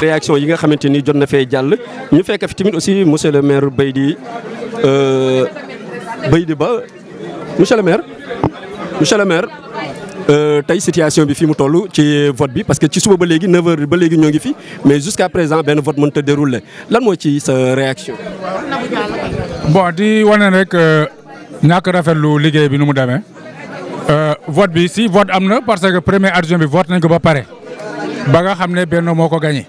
réaction yi nga xamanteni ni jot na fee ñu fekk fi tamit aussi monsieur le maire Baydi euh, Baydi Ba monsieur le maire monsieur le maire euh, tey situation bi fi mu tollu ci vote bi parce que ci suba ba légui 9h ba légui ñoo ngi fi mais jusqu'à présent ben, vote mënut a déroulé lan mo ci sa réaction. bon di wane rek euh, ñak rafetlu liggéey bi nu mu euh vote bi si vote amna parce que premier argent, bi vote nañ ko ba paré ba nga xamné benno moko gagné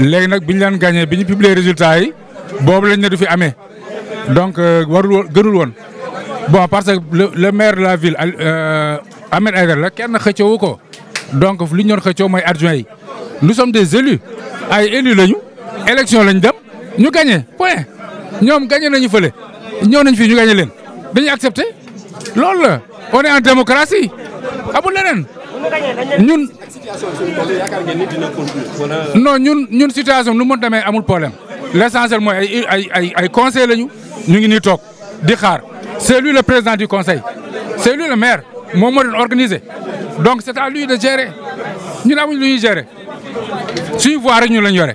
les gens qui ont gagné ils ont publier résultat yi Bon, lañ ne du fi donc euh, warul woon gënul bon parce que le maire de la ville euh, Ahmed Aïdara la kenn xëccoowu ko donc li a gagné, xëccoo adjoint yi nous sommes des élus ay élus lañu élection lañ dem ñu gagné point avons gagné nañu fële ñëw nañ fii ñu gagné leen dañuy accepté loolu la on est en démocratie amul leneen ñun non nous situation nous mu mën demee L'essentiel, problème que essentiel mooy ay conseil Nous ñu C'est lui le président du conseil C'est lui le maire C'est moi organisé donc c'est à lui de gérer Nous avons lui gérer Si vous arrêtez, nous l'ignorons.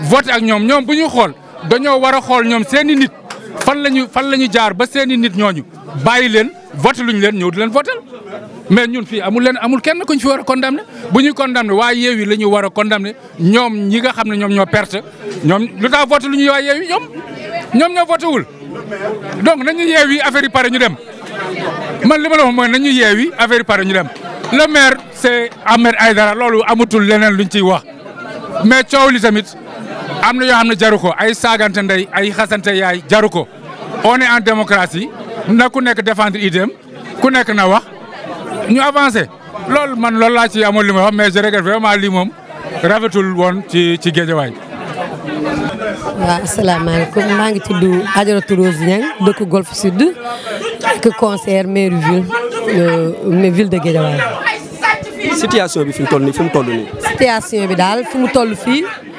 voté ak ñoom ñoom bu ñu xool dañoo war a xool ñoom seen i nit fan la ñu fan la ñu jaar ba seen i nit ñooñu bàyyi leen voté luñ leen ñëw di leen voté mais ñun fii amul leen amul kenn ku ñu fi war a condamné bu ñuy condamné waa yeew yi la ñu war a condamné ñoom ñi nga xam ne ñoom ñoo perte ñoom lu tax voté lu ñu waa yeew yi ñoom ñoom ñoo voté wul donc nañu yeew yi affaire yi pare ñu dem man li ma la wax mooy nañu yeew yi affaire yi pare ñu dem le maire c'est Ahmed Aïdara loolu amatul leneen luñ ciy wax mais coow li tamit. am na yoo am na jaru ko ay saagante ndey ay xasante yaay jaru ko ne est en démocratie na ku nekk défendre idéem ku nekk na wax ñu avancé loolu man loolu laa ci amoon li ma wax mais je regrette lii moom rafetul woon ci ci géejawaay. waaw asalaamaaleykum maa ngi tudd Adjaratou Rose Niang dëkk Golf Sud ak conseillère maire euh, ville de Guédiawaye. situation bi fi mu toll nii fi mu toll bi daal fi mu toll fii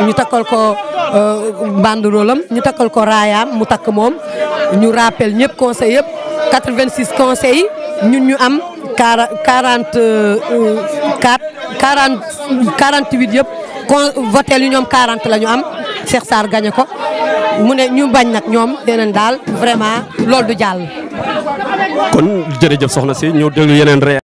ñu takkal ko euh, banderole am ñu takkal ko raayaam mu takk moom ñu rappel ñëpp conseil yëpp 86 conseils ñun ñu am 44 40 48 yëpp con voté yu ñoom 40 lañu ñu am Cheikh Sarr gagné ko mu ne ñu bañ nag ñoom deneen daal vraiment loolu du jàll. kon jërëjëf soxna si ñëw déglu yeneen ree